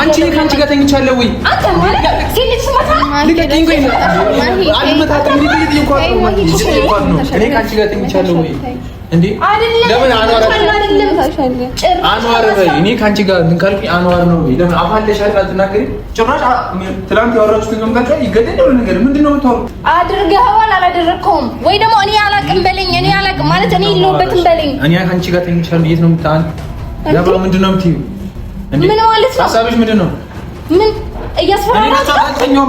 አንቺ ጋር ተኝቻለሁ ወይ እንዴ ለምን አንዋር ነው? እኔ ካንቺ ጋር እንትን ካልኩኝ አንዋር ነው። ለምን አፋለሽ አልቃ ጭራሽ ትላንት ያወራችሁት ነው ጋር ይገደል ነው ነገር ምንድን ነው የምታወሩት? አድርገኸዋል አላደረግከውም ወይ ደግሞ እኔ አላቅም በለኝ። እኔ አላቅም ማለት እኔ የለሁበትም በለኝ። እኔ ካንቺ ጋር ተኝቻለሁ። የት ነው የምታን ያባ ምንድን ነው የምትይው? ምን ማለት ነው? ሀሳብሽ ምንድን ነው? ምን እያስፈራራ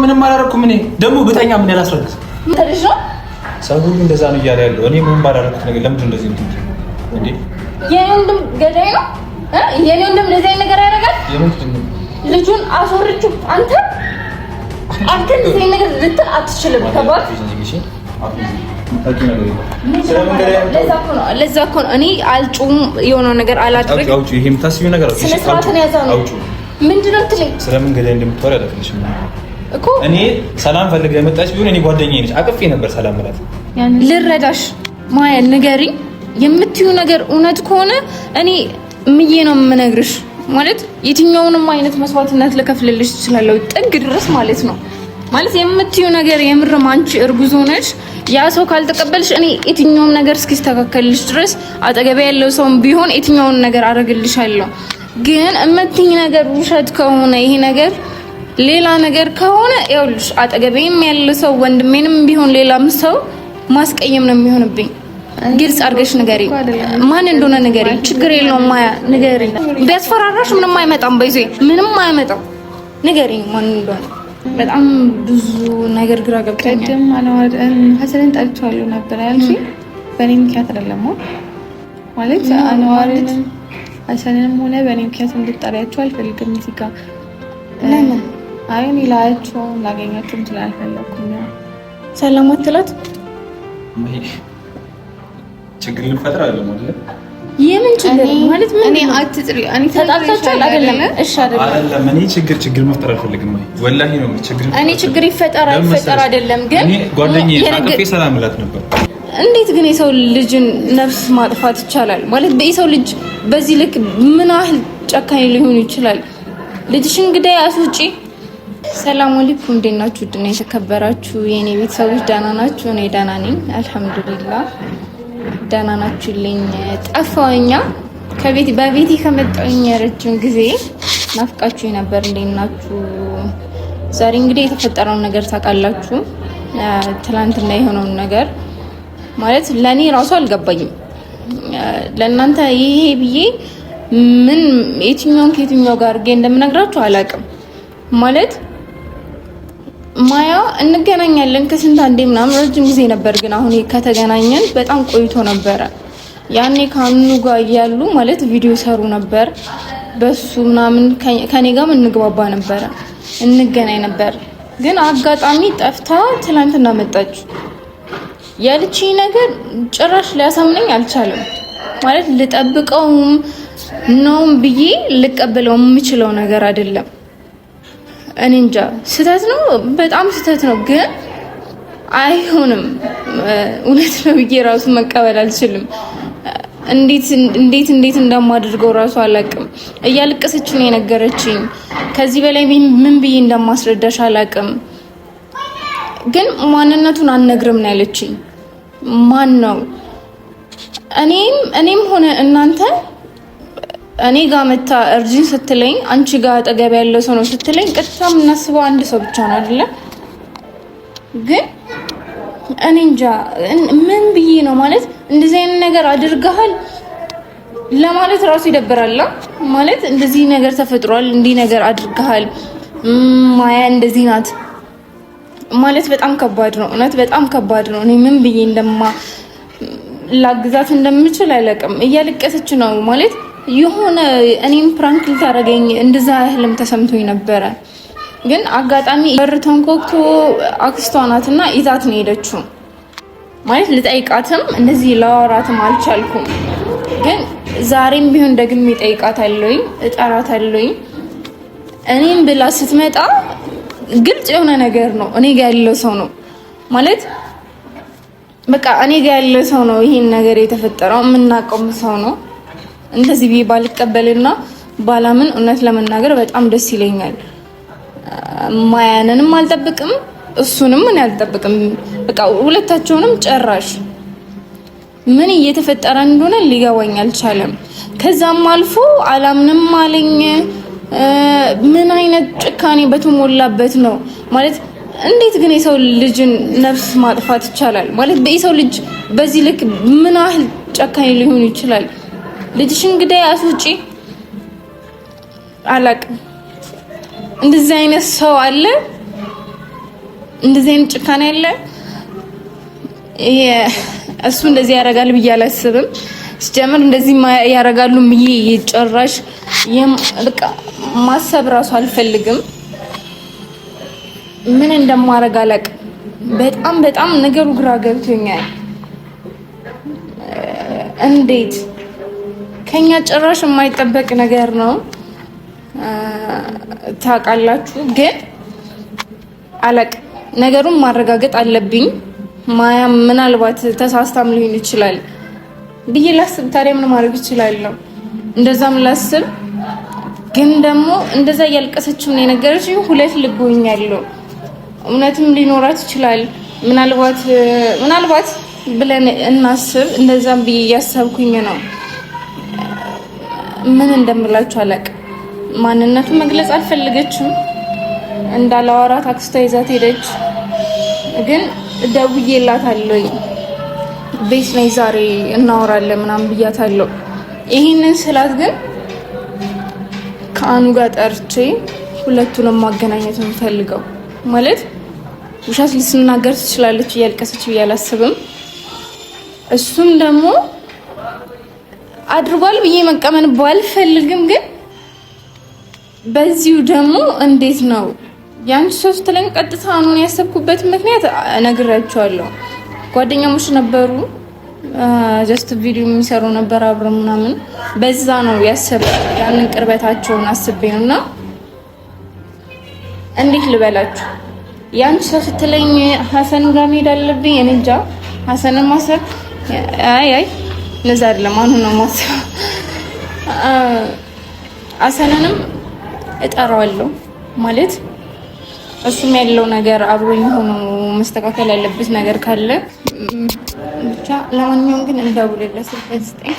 ምንም አላደረኩም። እኔ ደግሞ ብተኛ ምን ያላስፈልግ ሰው ሁሉ እንደዛ ነው እያለ ያለው እኔ ምን ባላረኩት ነገር ለምንድን እንደዚህ እንትን እንዴ? የኔ ወንድም ገዳይ ነው። የኔ ወንድም እንደዚህ አይነት ነገር ያደርጋል። ልጁን አስወርጅው። አንተ አንተ እንደዚህ አይነት ነገር ልትል አትችልም። ተባል ለዛ እኮ ነው እኔ አልጩም የሆነው ነገር አላድርግ። ይሄ የምታስቢው ነገር ስነ ስርዓትን ያዛ ነው። ምንድን ነው ትለኝ ስለምን ገዳይ እንደምትወር ያደርግልሽ እኮ እኔ ሰላም ፈልጋ የመጣች ቢሆን እኔ ጓደኛዬ ነች አቅፌ ነበር ሰላም ማለት ልረዳሽ ማየል ንገሪ የምትዩ ነገር እውነት ከሆነ እኔ ምዬ ነው የምነግርሽ። ማለት የትኛውንም አይነት መስዋዕትነት ልከፍልልሽ እችላለሁ፣ ጥግ ድረስ ማለት ነው። ማለት የምትዩ ነገር የምርም አንቺ እርጉዞ ሆነሽ ያ ሰው ካልተቀበልሽ እኔ የትኛውም ነገር እስኪስተካከልልሽ ድረስ አጠገቢ ያለው ሰው ቢሆን የትኛውን ነገር አደርግልሻለሁ። ግን እምትይኝ ነገር ውሸት ከሆነ ይሄ ነገር ሌላ ነገር ከሆነ ይኸውልሽ፣ አጠገቤም ያለ ሰው ወንድሜንም ቢሆን ሌላም ሰው ማስቀየም ነው የሚሆንብኝ። ግልጽ አድርገሽ ንገሪ፣ ማን እንደሆነ ንገሪ። ችግር የለውም ማያ ንገሪ። ቢያስፈራራሽ ምንም አይመጣም፣ በይዜ ምንም አይመጣም። ንገሪ ማን እንደሆነ። በጣም ብዙ ነገር ግራ ገብቶኛል። ቅድም አለዋድ ሀሰንን ጠልቼዋለሁ ነበር ያልሽ፣ በእኔ ምክንያት አይደለም ማለት አለዋድ ሀሰንንም ሆነ በእኔ ምክንያት እንድጠሪያቸው አልፈልግም እዚህ ጋር ለምን አይን ይላያቸውም ላገኛቸውም ስላልፈለኩኝ ሰላም አትላት። ችግር ልፈጥር አለ ማለት የምን ችግር ማለት ምን? እኔ አትጥሪ እኔ ተጣጣቻለሁ አይደለም። እሺ አይደለም። እኔ ችግር ችግር መፍጠር አልፈልግም። ወላሂ ነው ችግር እኔ ችግር ይፈጠር አይፈጠር አይደለም፣ ግን እኔ ጓደኛዬ አቅፌ ሰላም እላት ነበር። እንዴት ግን የሰው ልጅን ነፍስ ማጥፋት ይቻላል? ማለት የሰው ልጅ በዚህ ልክ ምን ያህል ጨካኝ ሊሆን ይችላል? ልጅሽን ግዳይ አስውጪ ሰላም አለይኩም እንዴት ናችሁ? ድና የተከበራችሁ የእኔ ቤተሰቦች ደህና ናችሁ? እኔ ደህና ነኝ፣ አልሐምዱሊላህ። ደህና ናችሁልኝ? ጠፋሁኛ ከቤት በቤት ከመጣሁኝ ረጅም ጊዜ ናፍቃችሁ ነበር። እንዴት ናችሁ? ዛሬ እንግዲህ የተፈጠረውን ነገር ታውቃላችሁ። ትላንትና የሆነውን ነገር ማለት ለእኔ ራሱ አልገባኝም። ለእናንተ ይሄ ብዬ ምን የትኛውን ከየትኛው ጋር አድርጌ እንደምነግራችሁ አላውቅም ማለት ማያ እንገናኛለን ከስንት አንዴ ምናምን ረጅም ጊዜ ነበር፣ ግን አሁን ከተገናኘን በጣም ቆይቶ ነበረ። ያኔ ከአኑ ጋር እያሉ ማለት ቪዲዮ ሰሩ ነበር በሱ ምናምን ከኔ ጋም እንግባባ ነበረ፣ እንገናኝ ነበር። ግን አጋጣሚ ጠፍታ ትላንትና መጣች። ያልቺ ነገር ጭራሽ ሊያሳምነኝ አልቻለም። ማለት ልጠብቀውም ነውም ብዬ ልቀበለው የምችለው ነገር አይደለም። እኔ እንጃ ስህተት ነው፣ በጣም ስህተት ነው፣ ግን አይሆንም። እውነት ነው ብዬ ራሱ መቀበል አልችልም። እንዴት እንዴት እንዴት እንደማደርገው ራሱ አላቅም። እያለቀሰች ነው የነገረችኝ። ከዚህ በላይ ምን ብዬ እንደማስረዳሽ አላቅም። ግን ማንነቱን አልነግርም ነው ያለችኝ። ማን ነው እኔም እኔም ሆነ እናንተ እኔ ጋ መታ እርጅን ስትለኝ አንቺ ጋ አጠገብ ያለው ሰው ነው ስትለኝ ቀጥታ የምናስበው አንድ ሰው ብቻ ነው አይደለም። ግን እኔ እንጃ ምን ብዬ ነው ማለት እንደዚህ አይነት ነገር አድርገሃል ለማለት ራሱ ይደብራል። ማለት እንደዚህ ነገር ተፈጥሯል፣ እንዲህ ነገር አድርገሃል፣ ማያ እንደዚህ ናት ማለት በጣም ከባድ ነው። እውነት በጣም ከባድ ነው። እኔ ምን ብዬ እንደማ ላግዛት እንደምችል አይለቅም። እያለቀሰች ነው ማለት የሆነ እኔም ፕራንክ ልታደርገኝ እንደዛ ያህልም ተሰምቶኝ ነበረ። ግን አጋጣሚ በር ተንኮክቶ አክስቷ ናትና ይዛት ነው ሄደችው። ማለት ልጠይቃትም እንደዚህ ላወራትም አልቻልኩም። ግን ዛሬም ቢሆን ደግሜ እጠራት አለኝ። እኔም ብላ ስትመጣ ግልጽ የሆነ ነገር ነው እኔ ጋ ያለው ሰው ነው ማለት በቃ እኔ ጋ ያለው ሰው ነው ይህን ነገር የተፈጠረው የምናውቀውም ሰው ነው እንደዚህ ብዬ ባልቀበልና ባላምን እውነት ለመናገር በጣም ደስ ይለኛል። ማያንንም አልጠብቅም፣ እሱንም እኔ አልጠብቅም። በቃ ሁለታቸውንም ጨራሽ ምን እየተፈጠረ እንደሆነ ሊገባኝ አልቻለም። ከዛም አልፎ አላምንም አለኝ። ምን አይነት ጭካኔ በተሞላበት ነው ማለት እንዴት ግን የሰው ልጅን ነፍስ ማጥፋት ይቻላል? ማለት የሰው ልጅ በዚህ ልክ ምን ያህል ጨካኝ ሊሆን ይችላል? ልጅሽ እንግዲህ አስውጪ። አላቅም እንደዚህ አይነት ሰው አለ፣ እንደዚህ አይነት ጭካኔ አለ። እሱ እንደዚህ ያደርጋል ብዬ አላስብም። ሲጀምር እንደዚህ ያደርጋሉ ብዬ ጭራሽ በቃ ማሰብ ራሱ አልፈልግም። ምን እንደማደርግ አላቅም። በጣም በጣም ነገሩ ግራ ገብቶኛል። እንዴት ከኛ ጭራሽ የማይጠበቅ ነገር ነው። ታውቃላችሁ፣ ግን አለቅ ነገሩን ማረጋገጥ አለብኝ። ማያም ምናልባት ተሳስታም ሊሆን ይችላል ብዬ ላስብ። ታዲያ ምን ማድረግ ይችላለሁ እንደዛም ላስብ። ግን ደግሞ እንደዛ እያልቀሰችው ነው የነገረች። ሁለት ልቦኛለሁ። እውነትም ሊኖራት ይችላል። ምናልባት ምናልባት ብለን እናስብ። እንደዛም ብዬ እያሰብኩኝ ነው ምን እንደምላችሁ አላቅ ማንነቱ መግለጽ አልፈለገችም። እንዳላወራት አክስቷ ይዛት ሄደች። ግን ደውዬላታለሁ። ቤት ነኝ ዛሬ እናወራለን ምናምን ብያታለሁ። ይህንን ስላት ግን ከአኑ ጋር ጠርቼ ሁለቱንም ማገናኘት ነው የምፈልገው። ማለት ውሻት ልስናገር ትችላለች እያልቀሰች ብዬ አላስብም። እሱም ደግሞ አድርጓል ብዬ መቀመን ባልፈልግም፣ ግን በዚሁ ደግሞ እንዴት ነው የአንቺ ሶስት ለን ቀጥታ አኑን ያሰብኩበት ምክንያት እነግራቸዋለሁ። ጓደኛሞች ነበሩ፣ ጀስት ቪዲዮ የሚሰሩ ነበር አብረ ምናምን። በዛ ነው ያሰብ ያንን ቅርበታቸውን አስቤ ነው እና እንዴት ልበላችሁ ያን ሰው ስትለኝ ሀሰን ጋር መሄድ አለብኝ። እንጃ ሀሰንን ማሰብ አይ አይ እንደዛ አይደለም። አሁን ነው የማስበው። አሰነንም እጠራዋለሁ ማለት እሱም ያለው ነገር አብሮኝ ሆኖ መስተካከል ያለበት ነገር ካለ ብቻ። ለማንኛውም ግን እንዳውልለስ ስልክ ስጠኝ።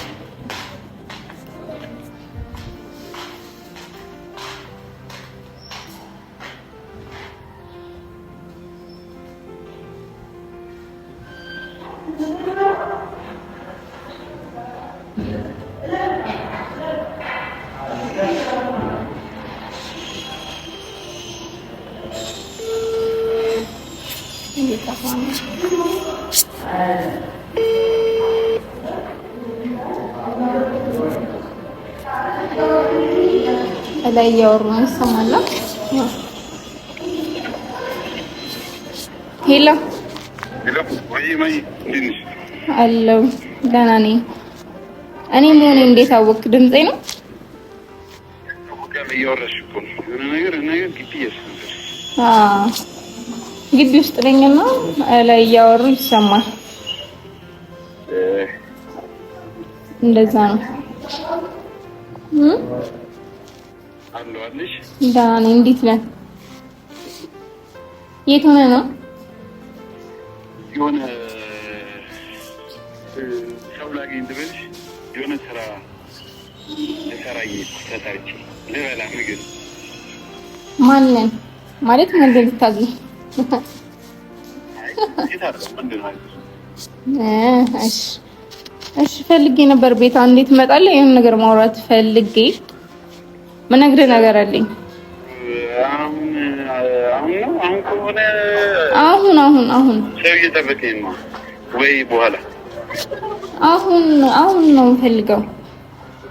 ላይ እያወሩ ነው ይሰማል። ሄሎ አለው ደህና ነኝ። እኔ መሆኔ እንዴት አወቅ? ድምጼ ነው። ግቢ ውስጥ ነኝና ላይ እያወሩ ይሰማል። እንደዛ ነው። ደህና ነኝ። እንዴት ነህ? የት ሆነህ ነው? ተኝቼ ተጠርቼ ልበላ ምግብ ማንን ማለት ምንድን ልታዝ እሺ፣ ፈልጌ ነበር ቤታ እንዴት እመጣለሁ? ይሄን ነገር ማውራት ፈልጌ ምነግርህ ነገር አለኝ። አሁን አሁን አሁን ሰው እየጠበቀኝ ነው ወይ በኋላ? አሁን አሁን ነው የምፈልገው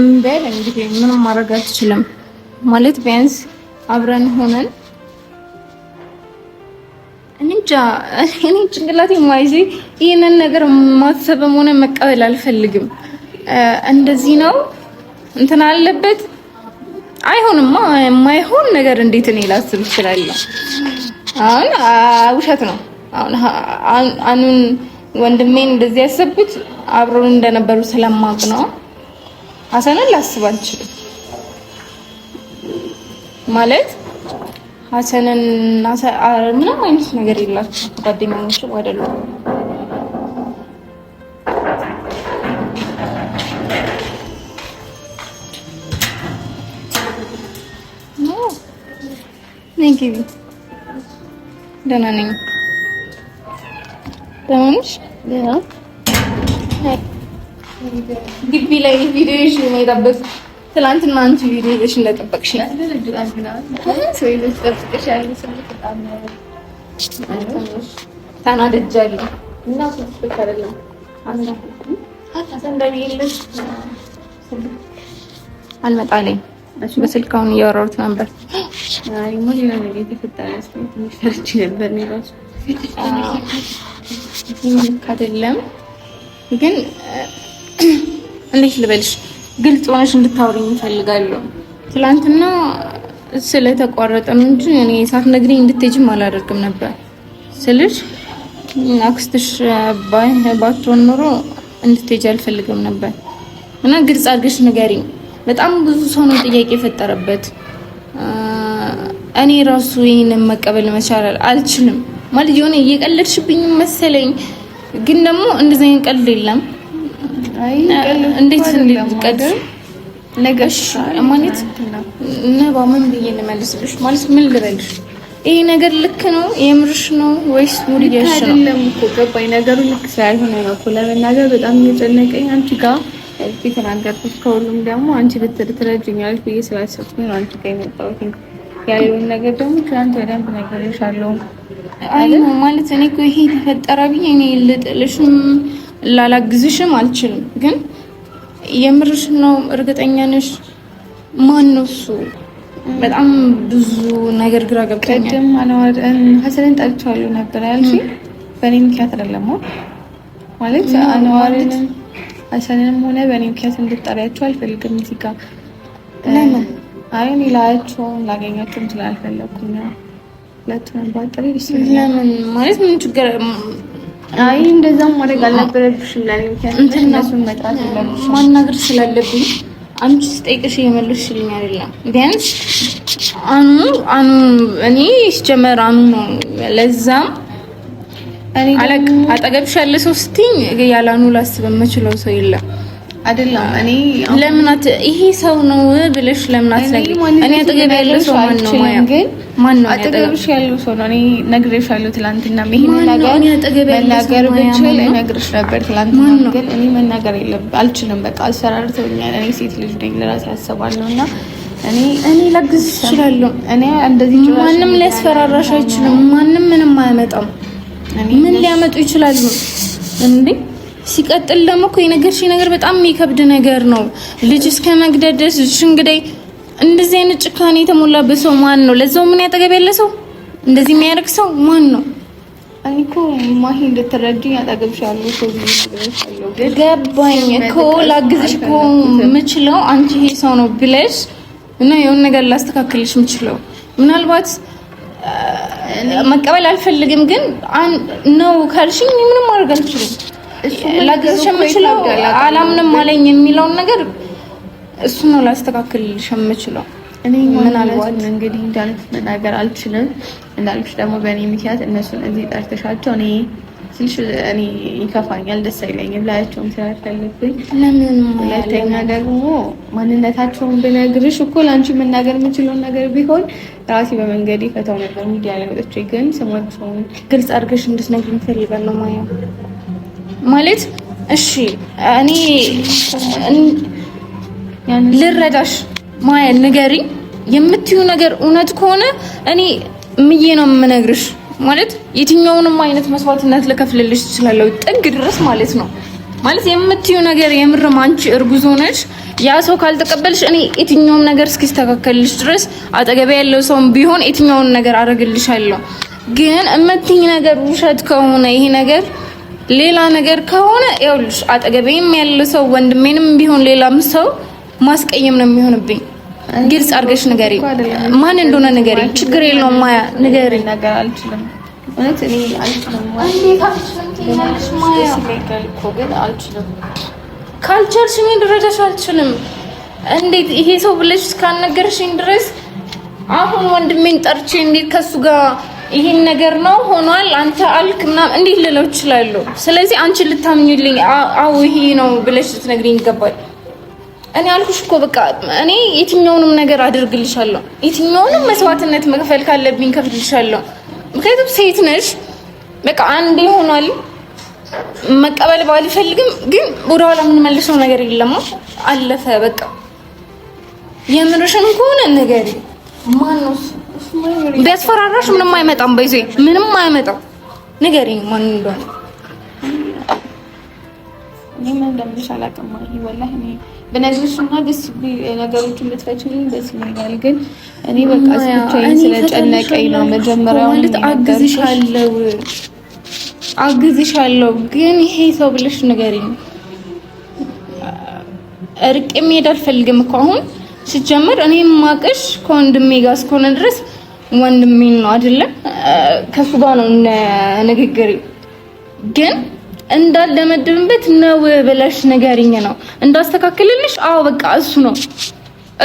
እምበል እንግዲህ ምንም ማድረግ አትችልም ማለት ቢያንስ አብረን ሆነን እንጃ እኔ ጭንቅላቴ ማይዜ ይህንን ነገር ማሰብም ሆነ መቀበል አልፈልግም። እንደዚህ ነው እንትን አለበት አይሆንማ። የማይሆን ነገር እንዴት እኔ ላስብ እችላለሁ? አሁን ውሸት ነው። አሁን አኑን ወንድሜን እንደዚህ ያሰቡት አብሮን እንደነበሩ ስለማውቅ ነው። ሀሰንን ላስብ አልችልም ማለት ሀሰንን ምንም አይነት ነገር የላቸው ጓደኛሞችም አይደሉም። ነኝ ቲቪ ደህና ነኝ። ደህና ነሽ? ደህና ግቢ ላይ ቪዲዮ ይዤ ነው የጠበቅኩት። ትናንትና አንቺ ቪዲዮ ይዘሽ እንደጠበቅሽ ተናደጃለሁ አልመጣለኝ። በስልክ አሁን እያወራሁት ነበር ሪሞት የሆነ የተፈጠረ ስለ ትንሽ ሰርች ነበር አይደለም ግን እንዴት ልበልሽ፣ ግልጽ ሆነሽ እንድታወሪኝ እፈልጋለሁ። ትላንትና ስለተቋረጠም እንጂ እኔ ሳትነግሪኝ እንድትሄጂም አላደርግም ነበር ስልሽ አክስትሽ ባትሆን ኖሮ እንድትሄጂ አልፈልግም ነበር እና ግልጽ አድርገሽ ንገሪኝ። በጣም ብዙ ሰው ነው ጥያቄ የፈጠረበት እኔ ራሱ ይህንን መቀበል መቻላል አልችልም። ማለት የሆነ እየቀለድሽብኝ መሰለኝ፣ ግን ደግሞ እንደዚህ አይነት ቀልድ የለም። እንዴት እንድትቀድ ነገሽ ማለት ነባ ምን ብዬ ልመልስልሽ? ማለት ምን ልበልሽ? ይሄ ነገር ልክ ነው የምርሽ ነው ወይስ ሙድያሽ ነው? ገባኝ። ነገሩ ልክ ስላልሆነ ነው እኮ ለመናገር በጣም እየጨነቀኝ አንቺ ጋር የተናገርኩት ከሁሉም ደግሞ አንቺ ብትረጅኛለሽ ብዬ ስላሰብኩኝ ነው አንቺ ጋር የመጣሁት። ያየውን ነገር ደግሞ ትናንት በደንብ ነግሬሻለሁ። አይ ማለት እኔ እኮ ይሄ ተፈጠረ ብዬ እኔ ልጥልሽም ላላግዝሽም አልችልም። ግን የምርሽ ነው? እርግጠኛ ነሽ? ማን ነው እሱ? በጣም ብዙ ነገር ግራ ገብቶኛል። ቅድም አለዋድ ሀሰንን ጠልቻለሁ ነበር ያልሽኝ በእኔ ምክንያት አይደለም ማለት አነዋሪንም ሀሰንንም ሆነ በእኔ ምክንያት እንድጠሪያቸው አልፈልግም እዚህ ጋር ለምን አይ እኔ ላያቸውም ላገኛቸውም ስላልፈለኩኝ ነው። ሁለቱንም ባጠሪ ለምን ማለት ምን ችግር? አይ እንደዛም ማድረግ አልነበረብሽም። ለኔ ምክንያቱም እነሱን መጥራት ማናገር ስላለብኝ አንቺ ስጠይቅሽ እየመለስሽልኝ አይደለም። ቢያንስ አኑ አኑ እኔ ሲጀመር አኑ ነው። ለዛም አለቅ አጠገብሽ ያለ ሰው ስትይኝ ያለ አኑ ላስብ የምችለው ሰው የለም። አይደለም እኔ ለምናት ይሄ ሰው ነው ብለሽ ለምናት እኔ አጠገብ ያለው ሰው ማን ነው? ማን ነው አጠገብሽ ያለው ሰው ነው? እኔ ትላንትና። ይሄን ነገር መናገር ብችል እነግርሽ ነበር ትላንትና፣ ግን እኔ መናገር የለም አልችልም። በቃ አሰራርተውኛል። እኔ ሴት ልጅ ነኝ፣ ለራሴ እና እኔ ላግዝሽ እችላለሁ። እኔ እንደዚህ ማንም ሊያስፈራራሽ አይችልም። ማንም ምንም አያመጣም። ምን ሊያመጡ ይችላሉ እንዴ? ሲቀጥል ደግሞ እኮ የነገርሽ ነገር በጣም የሚከብድ ነገር ነው። ልጅ እስከ መግደል ድረስ ልጅሽ እንግዲህ እንደዚህ አይነት ጭካኔ የተሞላበት ሰው ማን ነው? ለዛው ምን ያጠገብ ያለ ሰው እንደዚህ የሚያደርግ ሰው ማን ነው? እኔ እኮ ማሂ እንድትረጂኝ አጠገብሽ ያሉ ሰው ገባኝ እኮ ላግዝሽ እኮ የምችለው አንቺ ይሄ ሰው ነው ብለሽ እና የሆነ ነገር ላስተካክልሽ የምችለው ምናልባት መቀበል አልፈልግም፣ ግን ነው ካልሽኝ ምንም ማድረግ አልችልም። ላግዝሽ የምችለው አላምንም አለኝ የሚለውን ነገር እሱ ነው ላስተካክልልሽ የምችለው። እኔ ምናልባት እንግዲህ እንዳልኩሽ መናገር አልችልም። እንዳልኩሽ ደግሞ በእኔ ምክንያት እነሱን እዚህ ጠርተሻቸው እኔ ስልሽ እኔ ይከፋኛል፣ ደስ አይለኝም። ላያቸውም ስላልፈለግኩኝ ሁለተኛ ደግሞ ማንነታቸውን ብነግርሽ እኮ ለአንቺ መናገር የምችለውን ነገር ቢሆን ራሴ በመንገድ ይፈታው ነበር። ሚዲያ ላይ ወጥቼ ግን ስማቸውን ግልጽ አድርገሽ እንድትነግሪኝ ፈልገን ማየው ማለት እሺ፣ እኔ ልረዳሽ ማያ፣ ንገሪኝ የምትዩ ነገር እውነት ከሆነ እኔ ምዬ ነው የምነግርሽ። ማለት የትኛውንም አይነት መስዋዕትነት ልከፍልልሽ ትችላለሁ፣ ጥግ ድረስ ማለት ነው። ማለት የምትዩ ነገር የምርም አንቺ እርጉዞ ነሽ፣ ያ ሰው ካልተቀበልሽ እኔ የትኛውም ነገር እስኪስተካከልልሽ ድረስ አጠገቤ ያለው ሰውም ቢሆን የትኛውን ነገር አደርግልሻለሁ። ግን እምትይኝ ነገር ውሸት ከሆነ ይሄ ነገር ሌላ ነገር ከሆነ ይኸውልሽ፣ አጠገቤም ያለ ሰው ወንድሜንም ቢሆን ሌላም ሰው ማስቀየም ነው የሚሆንብኝ። ግልጽ አድርገሽ ንገሪ፣ ማን እንደሆነ ንገሪ። ችግር የለውም ማያ ንገሪ። ካልቻልሽ እኔ አልችልም። እንዴት ይሄ ሰው ብለሽ እስካልነገርሽኝ ድረስ አሁን ወንድሜን ጠርቼ እንዴት ከሱ ጋር ይሄን ነገር ነው ሆኗል፣ አንተ አልክ ምናምን እንዴት ልለው እችላለሁ? ስለዚህ አንቺ ልታምኝልኝ፣ አዎ ይሄ ነው ብለሽ ልትነግሪኝ ይገባል። እኔ አልኩሽ እኮ በቃ እኔ የትኛውንም ነገር አድርግልሻለሁ፣ የትኛውንም መስዋዕትነት መክፈል ካለብኝ ከፍልሻለሁ። ምክንያቱም ሴት ነሽ። በቃ አንዴ ሆኗል፣ መቀበል ባልፈልግም ግን ወደኋላ የምንመልሰው ነገር የለም። አለፈ በቃ። የምርሽን ከሆነ ነገር? ማን ነው እሱ? ቢያስፈራራሽ ምንም አይመጣም። በይዜ ምንም አይመጣም። ንገሪኝ ማን እንደሆነ እኔም እንደምልሽ አላውቅም። ወላሂ እኔ በነገርሽ እና ደስ ነገሮችን ብትፈችልኝ ደስ ይለኛል። ግን እኔ በቃ ብቻዬን ስለጨነቀኝ ነው። መጀመሪያው ማለት አግዝሻለሁ አግዝሻለሁ፣ ግን ይሄ ሰው ብለሽ ንገሪኝ። እርቄ መሄድ አልፈልግም እኮ አሁን ሲጀመር እኔ ማቀሽ ከወንድሜ ጋር እስከሆነ ድረስ ወንድሜን ነው አይደለ? ከሱ ጋር ነው ንግግር ግን እንዳልደመድምበት ነው ብለሽ ንገሪኝ ነው እንዳስተካክልልሽ። አዎ በቃ እሱ ነው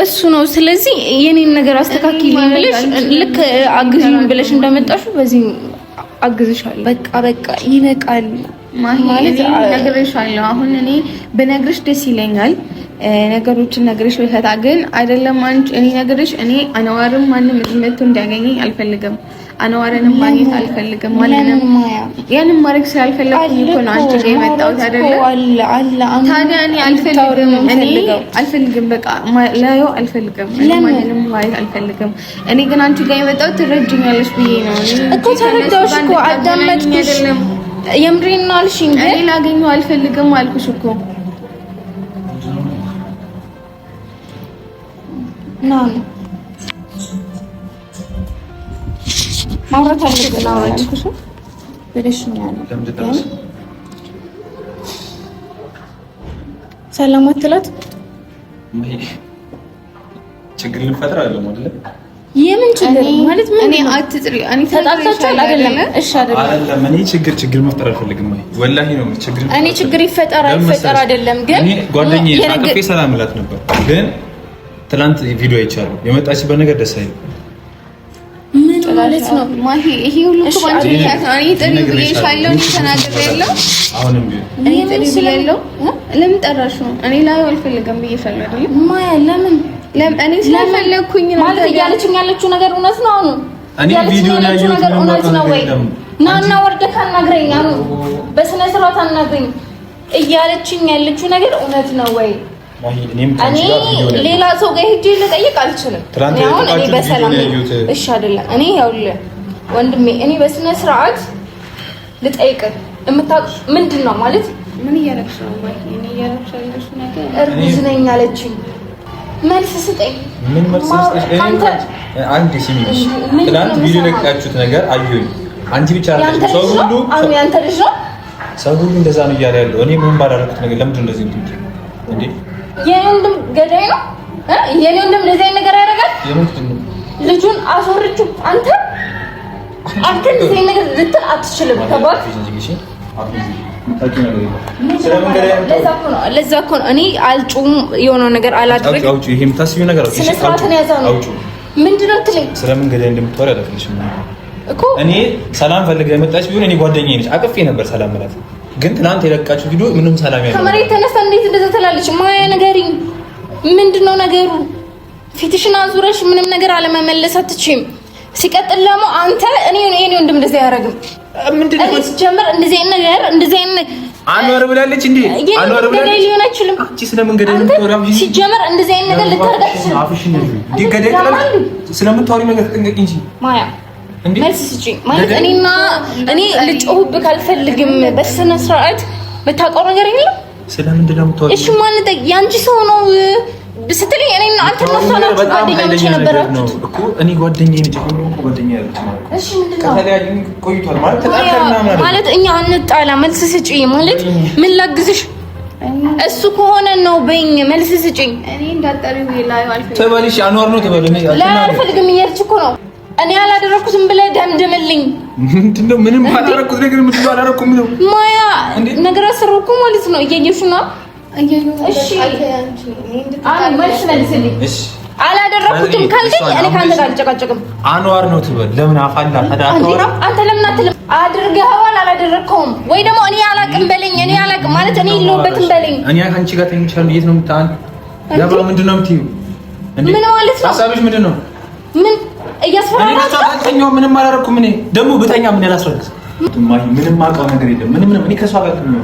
እሱ ነው። ስለዚህ የኔን ነገር አስተካክል ብለሽ ልክ አግዥኝ ብለሽ እንደመጣሽ በዚህ አግዝሻለሁ። በቃ በቃ ይነቃል። ነግሬሻለሁ። አሁን እኔ ብነግርሽ ደስ ይለኛል ነገሮችን ነግሬሽ በፈታ ግን አይደለም አንቺ እኔ ነግሬሽ እኔ አነዋርም ማንም መቶ እንዲያገኘኝ አልፈልግም። አነዋርንም ማግኘት አልፈልግም። ማንንም ያንም ማድረግ ስላልፈለኩኝ እኮ ነው አንቺ ጋር የመጣሁት አይደለ? ታዲያ እኔ አልፈልግም፣ እኔ አልፈልግም፣ በቃ ላየው አልፈልግም፣ ማንንም ማየት አልፈልግም። እኔ ግን አንቺ ጋር የመጣሁት ትረጅኛለሽ ብዬ ነው እኮ። ተረዳሁሽ እኮ አዳመጥኩሽ። የምሬን ነው አልሽኝ። እኔ ላገኘው አልፈልግም አልኩሽ እኮ ና ማውራት አለብን አልኩሽ ብለሽኛል። ሰላም አትላት ችግር ልፈጥር አለ የምን ችግር ማለት ምን እኔ አትጥሪ እኔ ተጣጣቻለሁ አይደለም እሺ አይደለም እኔ ችግር ችግር መፍጠር አልፈልግም አይ ወላሂ ነው ችግር እኔ ችግር ይፈጠር አይፈጠር አይደለም ግን እኔ ጓደኛዬ አቅፌ ሰላም እላት ነበር ግን ትናንት ቪዲዮ አይቻለሁ የመጣችበት ነገር ደስ አይልም ማለት ነው ማሂ ይሄ ሁሉ ለምን እኔ ስለፈለኩኝ ነው ማለት እያለችኝ ያለችው ነገር እውነት ነው። አሁን እኔ ቪዲዮ ላይ ነገር እውነት ነው ወይ ና እና ወርደህ አናግረኝ፣ አሁን በስነ ስርዓት አናግረኝ። እያለችኝ ያለችው ነገር እውነት ነው ወይ? እኔ ሌላ ሰው ጋር ሄጄ ልጠይቅ አልችልም። አሁን እኔ በሰላም እሺ፣ አይደለም እኔ ይኸውልህ ወንድሜ፣ እኔ በስነ ስርዓት ልጠይቅ የምታውቅ ምንድን ነው ማለት ምን እያለችሽ ነው? እርጉዝ ነኝ አለችኝ መልስ ስጠኝ። ምን መልስ ትናንት ቪዲዮ ለቃችሁት ነገር አዩኝ። አንቺ ብቻ አይደለም ሰው ሁሉ አሁን ያንተ ልጅ ነው። ሰው ሁሉ እንደዛ ነው እያለ ያለው እኔ ምን ባላረኩት ነገር ለምንድን እንደዚህ እንዴ? እንዴ የኔ ወንድም ገዳይ ነው። የኔ ወንድም እንደዚህ አይነት ነገር ያደርጋል። ልጁን አስወርጅው አንተ አንተ እንደዚህ ነገር ልትል አትችልም። ተባል ለዛ እኮ ነው እኔ አልጩም የሆነው ነገር ሰላም የመጣች ቢሆን እኔ ጓደኛዬ ነች አቅፌ ነበር ሰላም ማለት ግን ትናንት የለቃችሁ ቪዲዮ ምንም ሰላም ያለው ከመሬት ተነሳ እንዴት እንደዛ ትላለች? ማያ ንገሪኝ፣ ምንድነው ነገሩ? ፊትሽን አዙረሽ ምንም ነገር አለመመለስ አትችም። ሲቀጥል ደግሞ አንተ እኔ እኔ ወንድም እንደዚህ አያደርግም። ምንድነው ሲጀምር እንደዚህ አይነት ነገር እንደዚህ አይነት አንወር ብላለች እንዴ? አንወር ብላለች ሊሆን አይችልም። አንቺ ስለመንገድ ነው ተወራም እንጂ ሲጀምር እንደዚህ አይነት ነገር ልታደርግ አፍሽ አፍሽን እንዴ ገደል ተላል ስለምታወሪ ነገር ተጠንቀቂ እንጂ ማያ እንዴ መልስ ስጪኝ። ማለት እኔና እኔ ልጮህብህ ካልፈልግም በስነ ስርዓት የምታውቀው ነገር የለም። ስለምንድነው የምታወሪ? እሺ ማለት ያንቺ ሰው ነው ስትለኝ እኔ እና አንተ ማለት እኛ አንጣላ መልስ ስጪኝ ማለት ምን ላግዝሽ እሱ ከሆነ ነው በይኝ መልስ ስጪኝ ተበልሽ አንዋር ነው ተበል እኔ አልፈልግም እያልሽ እኮ ነው እኔ አላደረኩትም ብለህ ደምድምልኝ። ምንድነው? ምንም አላደረኩት ነገር ምንድነው? አላደረኩም ነው ማያ ነገር አሰረኩ ማለት ነው እያየሽ ነው አላደረኩትም ካልከኝ እኔ ከአንተ ጋር አልጨቃጨቅም። አንዋር ነው ትበል። ለምን አፋላ ተዳከረ አንተ ለምን አትልም? አድርገኸዋል አላደረግከውም ወይ ደግሞ እኔ አላቅም በለኝ። እኔ አላቅም ማለት እኔ የለሁበትም በለኝ። እኔ ከአንቺ ጋር ተኝቻለሁ። የት ነው የምታል? ለብሮ ምንድን ነው የምትይው? ምን ማለት ነው? ሀሳብሽ ምንድን ነው? ምን እያስፈራራችሁ? ተኛው ምንም አላደረኩም። እኔ ደግሞ ብተኛ ምን ያላስፈልግ ምንም አውቀው ነገር የለም። ምንም ምንም እኔ ከሷ ጋር ነው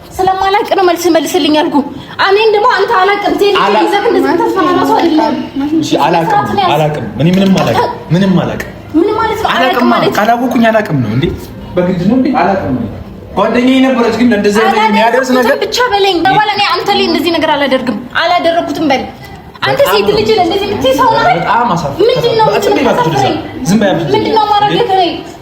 ስለማላቅ ነው መልስ መልስልኝ አልኩ። እኔን ደግሞ አንተ አላቅም ቴል ይዘህ እንደዚህ አይደለም። እሺ አላቅም አላቅም እኔ ምንም አላቅም ምንም አላቅም ምንም ማለት ነው። አላቅም ማለት ካላወኩኝ አላቅም ነው እንዴ? በግድ ነው እንዴ? አላቅም ነው ጓደኛዬ ነበረች ግን እንደዚህ አይነት የሚያደርስ ነገር ብቻ በለኝ። በኋላ ላይ አንተ ላይ እንደዚህ ነገር አላደርግም አላደረኩትም በል አንተ ሴት ልጅ እንደዚህ የምትይ ሰው ነህ። ምንድን ነው ምንድን ነው ማረግ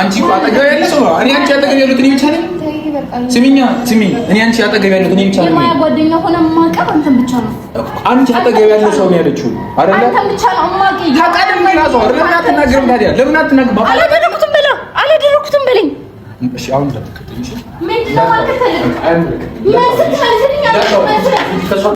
አንቺ አጠገብ ያለ ሰው ነው። እኔ አንቺ አጠገብ ያሉት እኔ ብቻ ነኝ። ስሚኛ ስሚ፣ እኔ አንቺ አጠገብ ያሉት እኔ ብቻ ነኝ። ጓደኛ ሆነ የማውቀው አንተን ብቻ ነው። አንቺ አጠገብ ያለ ሰው ነው ያለችው አይደለ? አንተን ብቻ ነው የማውቀው። ታውቃለህ። ራሷ ለምን አትናገርም ታዲያ? ለምን አትናገርም? አላደረኩትም በላ አላደረኩትም በለኝ። እሺ አሁን ተከተለኝ። እሺ ምን ለማከተለኝ ምን ነው